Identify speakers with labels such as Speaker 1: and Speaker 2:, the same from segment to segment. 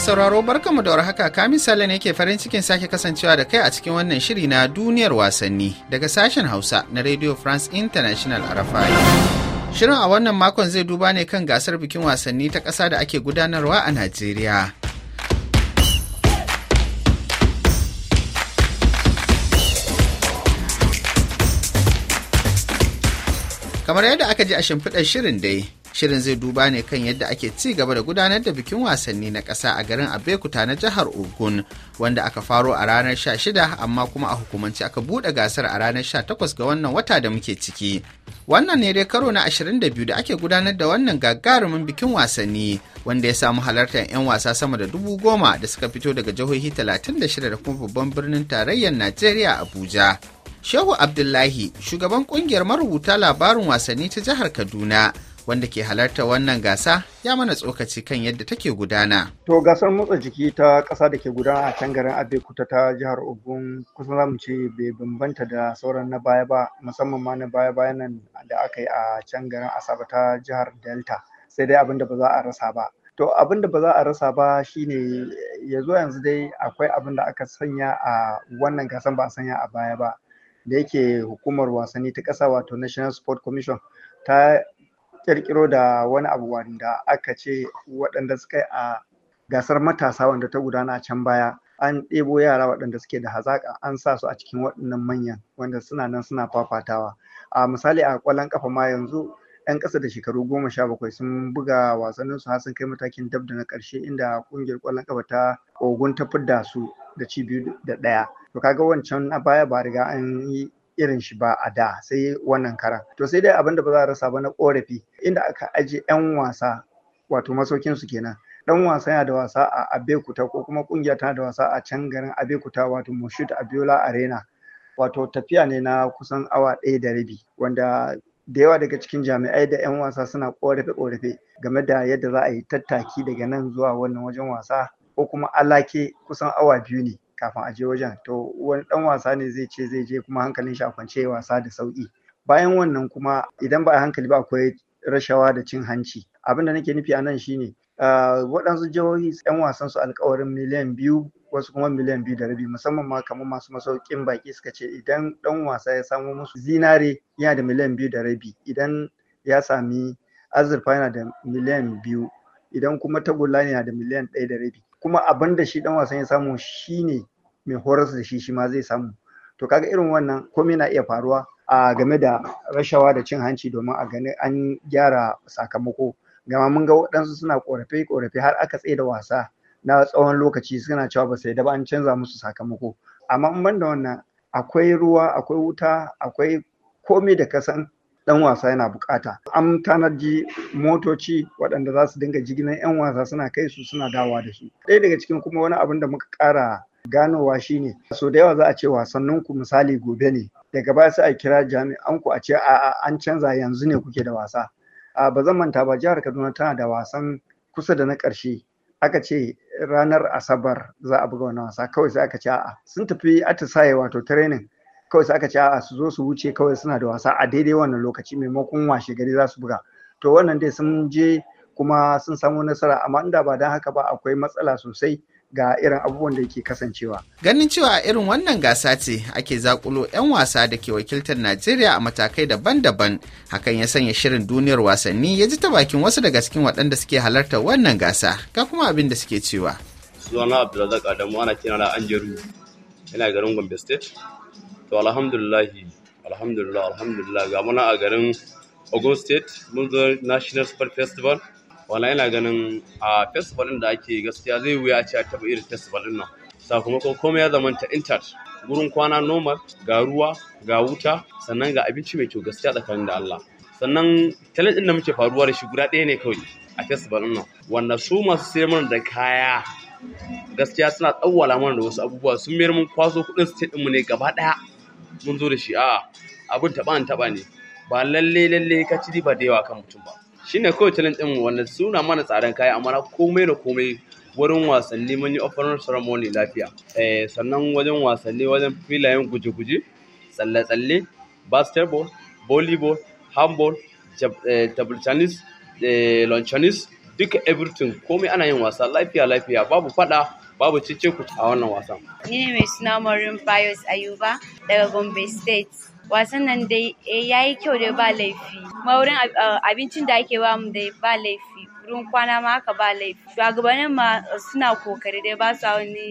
Speaker 1: Mai sauraro mu da warhaka kamin Sale ne ke farin cikin sake kasancewa da kai a cikin wannan shiri na duniyar wasanni daga sashen Hausa na Radio France International Arafai. Shirin a wannan makon zai duba ne kan gasar bikin wasanni ta ƙasa da ake gudanarwa a Najeriya. Kamar yadda aka ji a shimfiɗar shirin dai, Shirin zai duba ne kan yadda ake ci gaba da gudanar da bikin wasanni na ƙasa a garin Abekuta na jihar Ogun wanda aka faro a ranar sha shida amma kuma a hukumance aka buɗe gasar a ranar sha takwas ga wannan wata da muke ciki. Wannan ne dai karo na 22 da ake gudanar da wannan gagarumin bikin wasanni wanda ya samu halartar 'yan wasa sama da dubu goma da suka fito daga jihohi 36 da kuma babban birnin tarayyar Najeriya Abuja. Shehu Abdullahi, shugaban kungiyar marubuta labarin wasanni ta jihar Kaduna, wanda ke halarta wannan gasa ya mana tsokaci kan yadda take gudana.
Speaker 2: To gasar motsa jiki ta ƙasa da ke gudana a can garin Abeokuta ta jihar Ogun kusan zamu ce bai bambanta da sauran na baya ba musamman ma na baya bayan nan da aka yi a can garin Asaba ta jihar Delta sai dai abin da ba za a rasa ba. To abin da ba za a rasa ba shine ya zo yanzu dai akwai abin da aka sanya a wannan gasar ba a sanya a baya ba da yake hukumar wasanni ta ƙasa wato National Sport Commission ta kirkiro da wani abu wanda aka ce waɗanda suka yi a gasar matasa wanda ta gudana a can baya an ɗebo yara waɗanda suke da hazaƙa an sa su a cikin waɗannan manyan wanda suna nan suna fafatawa a misali a ƙwallon ƙafa ma yanzu 'yan ƙasa da shekaru goma sha bakwai sun buga wasannin su har sun kai matakin dab da na ƙarshe inda ƙungiyar ƙwallon ƙafa ta ogun ta fidda su da ci biyu da ɗaya to kaga wancan a baya ba riga an yi irin shi ba a da sai wannan karan to sai dai abin da ba za a rasa ba na korafi inda aka aje 'yan wasa wato masaukin su kenan dan wasa yana da wasa a abekuta ko kuma kungiya tana da wasa a can garin abekuta wato moshut abiola arena wato tafiya ne na kusan awa ɗaya da rabi wanda da yawa daga cikin jami'ai da 'yan wasa suna korafe-korafe game da yadda za a yi tattaki daga nan zuwa wannan wajen wasa ko kuma alake kusan awa biyu ne kafin a je wajen to wani dan wasa ne zai ce zai je kuma hankalin shi a kwance wasa da sauki bayan wannan kuma idan ba a hankali ba akwai rashawa da cin hanci abin da nake nufi a nan shine waɗansu jihohi 'yan wasan su alkawarin miliyan biyu wasu kuma miliyan biyu da rabi musamman ma kamar masu masaukin baki suka ce idan ɗan wasa ya samo musu zinare yana da miliyan biyu da rabi idan ya sami azurfa yana da miliyan biyu idan kuma tagulla yana da miliyan ɗaya da rabi kuma abin da shi dan wasan ya samu shine mai horas da shi shi ma zai samu to kaga irin wannan komai na iya faruwa a game da rashawa da cin hanci domin a gani an gyara sakamako gama mun ga waɗansu suna korafe korafe har aka tsaye da wasa na tsawon lokaci suna cewa ba sai da ba an canza musu sakamako amma in ban wannan akwai ruwa akwai wuta akwai komai da ka san dan wasa yana buƙata. an tanaji motoci waɗanda za su dinga jigilan 'yan wasa suna kai su suna dawa da su ɗaya daga cikin kuma wani abin da muka ƙara ganowa shine so da yawa za a ce wasannin ku misali gobe ne daga baya sai a kira jami'an ku a ce a'a an canza yanzu ne kuke da wasa a ba zan manta ba jihar kaduna tana da wasan kusa da na ƙarshe aka ce ranar asabar za a buga wani wasa kawai sai aka ce a'a sun tafi atisaye wato training kawai sai aka ce a su zo su wuce kawai suna da wasa a daidai wannan lokaci maimakon washe gari za su buga to wannan dai sun je kuma sun samu nasara amma inda ba don haka ba akwai matsala sosai ga irin abubuwan da ke kasancewa.
Speaker 1: Ganin cewa irin wannan gasa ce ake zakulo 'yan wasa da ke wakiltar Najeriya a matakai daban-daban hakan ya sanya shirin duniyar wasanni ya ji ta bakin wasu daga cikin waɗanda suke halartar wannan gasa ga kuma abin da suke cewa.
Speaker 3: Suna Abdulrazak Adamu ana kina da Anjeru yana garin Gombe State to alhamdulillahi alhamdulillah alhamdulillah ga muna a garin ogun state mun zo national sport festival wala ina ganin a festival din da ake gaskiya zai wuya a ce a taba irin festival din nan sakamakon komai ya zamanta intact gurin kwana normal ga ruwa ga wuta sannan ga abinci mai kyau gaskiya tsakanin da Allah sannan talent din da muke faruwa da shi guda ɗaya ne kawai a festival nan wanda su masu sayar mana da kaya gaskiya suna tsawwala mana da wasu abubuwa sun mayar mun kwaso kuɗin state ɗinmu ne gaba ɗaya mun zo da shi a abun taba an taba ne ba lalle lalle ka ci riba da yawa kan mutum ba shine kawai talent din wanda suna mana tsaren kaya amma komai da komai wurin wasanni mun yi offering ceremony lafiya eh, sannan wajen wasanni wajen filayen guje-guje tsalle-tsalle basketball volleyball handball eh, table tennis eh, lawn tennis duka everything komai ana yin wasa lafiya lafiya babu faɗa. babu cece ku a wannan wasan. Ni ne mai suna Maureen Bios Ayuba daga Gombe State. Wasan nan dai eh, ya yi kyau da ba laifi. Maurin eh, abincin da ake ba mu dai ba laifi. Wurin kwana ma haka ba laifi. Shugabannin ma suna kokari dai ba su wani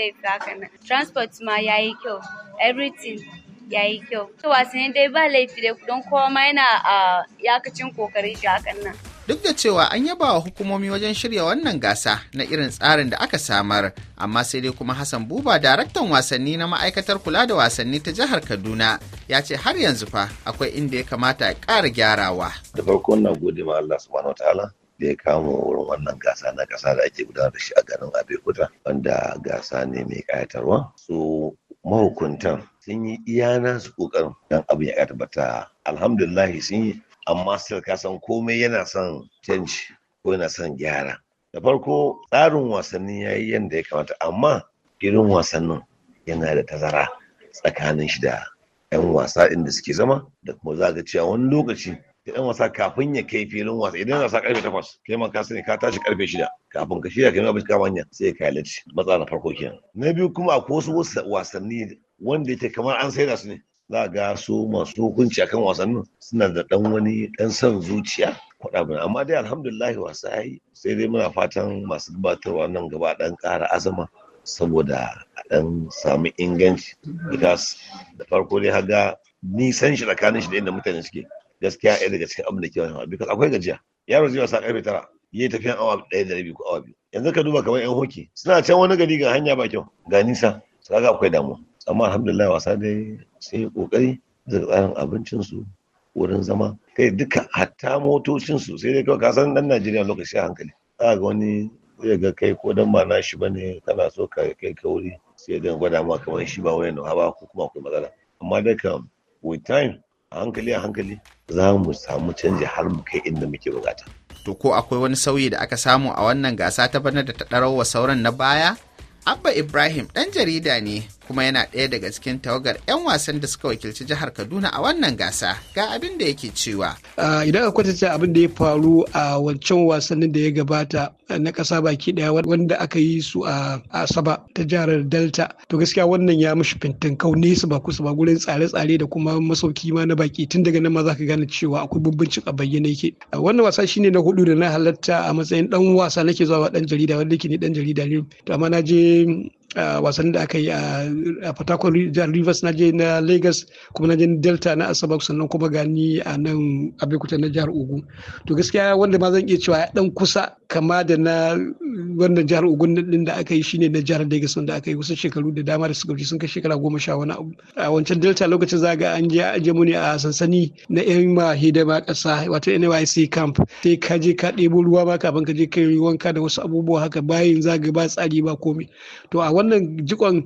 Speaker 3: laifi haka nan. Transport ma ya yi kyau. Everything ya yi kyau. Wasanni dai ba laifi dai don kowa ma yana eh, yakacin kokari shi hakan nan.
Speaker 1: duk da cewa an yaba wa hukumomi wajen shirya wannan gasa na irin tsarin da aka samar amma sai dai kuma hassan buba daraktan wasanni na ma'aikatar kula da wasanni ta jihar kaduna ya ce har yanzu fa akwai inda ya kamata ya ƙara gyarawa
Speaker 4: da farko na gode ma allah subhanahu ta'ala, da ya kama wurin wannan gasa na kasa da ake gudanar da shi a garin abeokuta wanda gasa ne mai ƙayatarwa su mahukuntan sun yi iya nasu ƙoƙarin don abin ya ƙayatar alhamdulillah sun yi amma still ka san komai yana son canji ko yana son gyara da farko tsarin wasannin ya yi yadda ya kamata amma irin wasannin yana da tazara tsakanin shi da 'yan wasa inda suke zama da kuma za ga cewa wani lokaci da 'yan wasa kafin ya kai filin wasa idan wasa karfe takwas kai ma ka sani ka tashi karfe shida kafin ka shirya kai abinci kama hanya sai ka lalace matsa na farko kenan na biyu kuma akwai wasu wasanni wanda yake kamar an saida su ne za ga su masu hukunci akan wasannin suna da dan wani dan son zuciya faɗa amma dai alhamdulillah wasa yayi sai dai muna fatan masu gabatarwa nan gaba dan ƙara azama saboda a dan samu inganci because da farko dai haga nisan shi tsakanin shi da inda mutane suke gaskiya ɗaya daga cikin abin da ke wani because akwai gajiya yaro zai wasa karfe tara yi tafiyan awa ɗaya da rabi ko awa biyu yanzu ka duba kamar yan hoki suna can wani gari ga hanya ba kyau ga nisa kaga akwai damuwa amma alhamdulillah wasa dai sun yi kokari daga tsarin abincinsu wurin zama kai duka hatta motocin sai dai kawai kasan dan najeriya lokaci a hankali za ga wani zai ga kai ko dan ba na shi bane kana so ka kai ka wuri sai dan gwada ma kamar shi ba wani nawa ba ko kuma akwai matsala amma dai kam with time a hankali a hankali za mu samu canji har mu kai inda muke bukata
Speaker 1: to ko akwai wani sauyi da aka samu a wannan gasa ta bana da ta ɗarawa sauran na baya abba ibrahim ɗan jarida ne kuma yana ɗaya daga cikin tawagar 'yan wasan da suka wakilci jihar Kaduna a wannan gasa ga abin da yake cewa.
Speaker 5: Idan aka kwatanta abin da ya faru a wancan wasannin da ya gabata na ƙasa baki ɗaya wanda aka yi su a Asaba ta jihar Delta to gaskiya wannan ya mishi fintinkau nesa ba kusa ba gurin tsare-tsare da kuma masauki ma na baki tun daga nan ma za ka gane cewa akwai bambanci a bayyana yake. Wannan wasa shine na hudu da na halatta a matsayin dan wasa nake zuwa ɗan jarida wanda ke ni dan jarida ne to amma na je wasan da aka yi a fatakwal jihar rivers na je na lagos kuma na je delta na asabak sannan kuma gani a nan abekuta na jihar ogun to gaskiya wanda ma zan iya cewa dan kusa kama da na wannan jihar ogun din da aka yi shine na jihar lagos wanda aka yi wasu shekaru da dama da suka wuce sun kai shekara goma sha wani abu a wancan delta lokacin za ga an je a mu ne a sansani na yan ma hidima kasa wato nyc camp sai ka je ka ɗebo ruwa ma kafin ka je kai wanka da wasu abubuwa haka bayin za ga ba tsari ba komai to a wannan jikon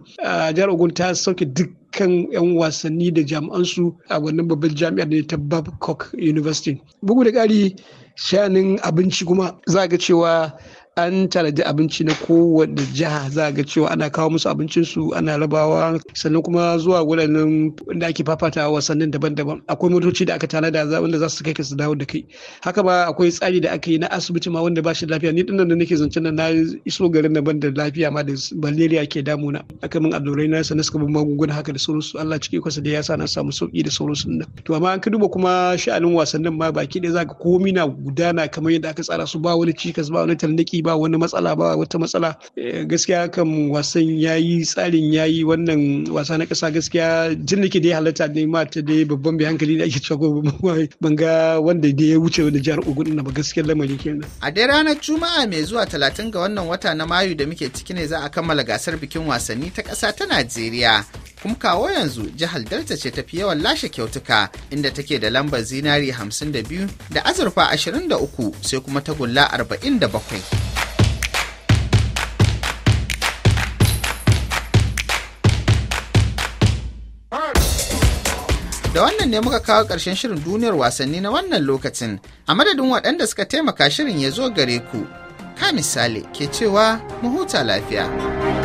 Speaker 5: jihar ogun ta sauke dukkan 'yan wasanni da jami'ansu a wannan babban jami'ar ne ta babcock university bugu da ƙari shanin abinci kuma za ga cewa an tanadi abinci na kowane jiha za ga cewa ana kawo musu abincinsu ana rabawa sannan kuma zuwa wuraren da ake fafata wasannin daban-daban akwai motoci da aka tanada wanda za su kai ka su dawo da kai haka ma akwai tsari da aka yi na asibiti ma wanda ba shi lafiya ni dinnan da nake zancen nan na iso garin na da lafiya ma da malaria ke damuna aka min allurai na sannan suka bin magunguna haka da sauransu Allah ciki kwasa da ya sa na samu sauki da sauransu nan to amma an ka duba kuma sha'anin wasannin ma baki ɗaya za ka komi na gudana kamar yadda aka tsara su ba wani cikas ba wani tarnaki ba wani matsala ba wata matsala eh, gaskiya kan wasan ya yi tsarin ya yi wannan wasa na kasa gaskiya jin da ke da ya halatta ne ma ta dai babban bai hankali da ake cewa ban ga wanda da ya wuce wani jihar Ogun na ba gaskiyar lamari kenan
Speaker 1: a dai ranar Juma'a mai zuwa talatin ga wannan wata na Mayu da muke ciki ne za a kammala gasar bikin wasanni ta ƙasa ta Najeriya kuma kawo yanzu jihar Delta ce tafi yawan lashe kyautuka inda take da lambar zinari 52 da azurfa 23 sai kuma tagulla 47. Da wannan ne muka kawo ƙarshen shirin duniyar wasanni na wannan lokacin, a madadin waɗanda suka taimaka shirin ya zo gare ku. Ka misali ke cewa mu huta lafiya.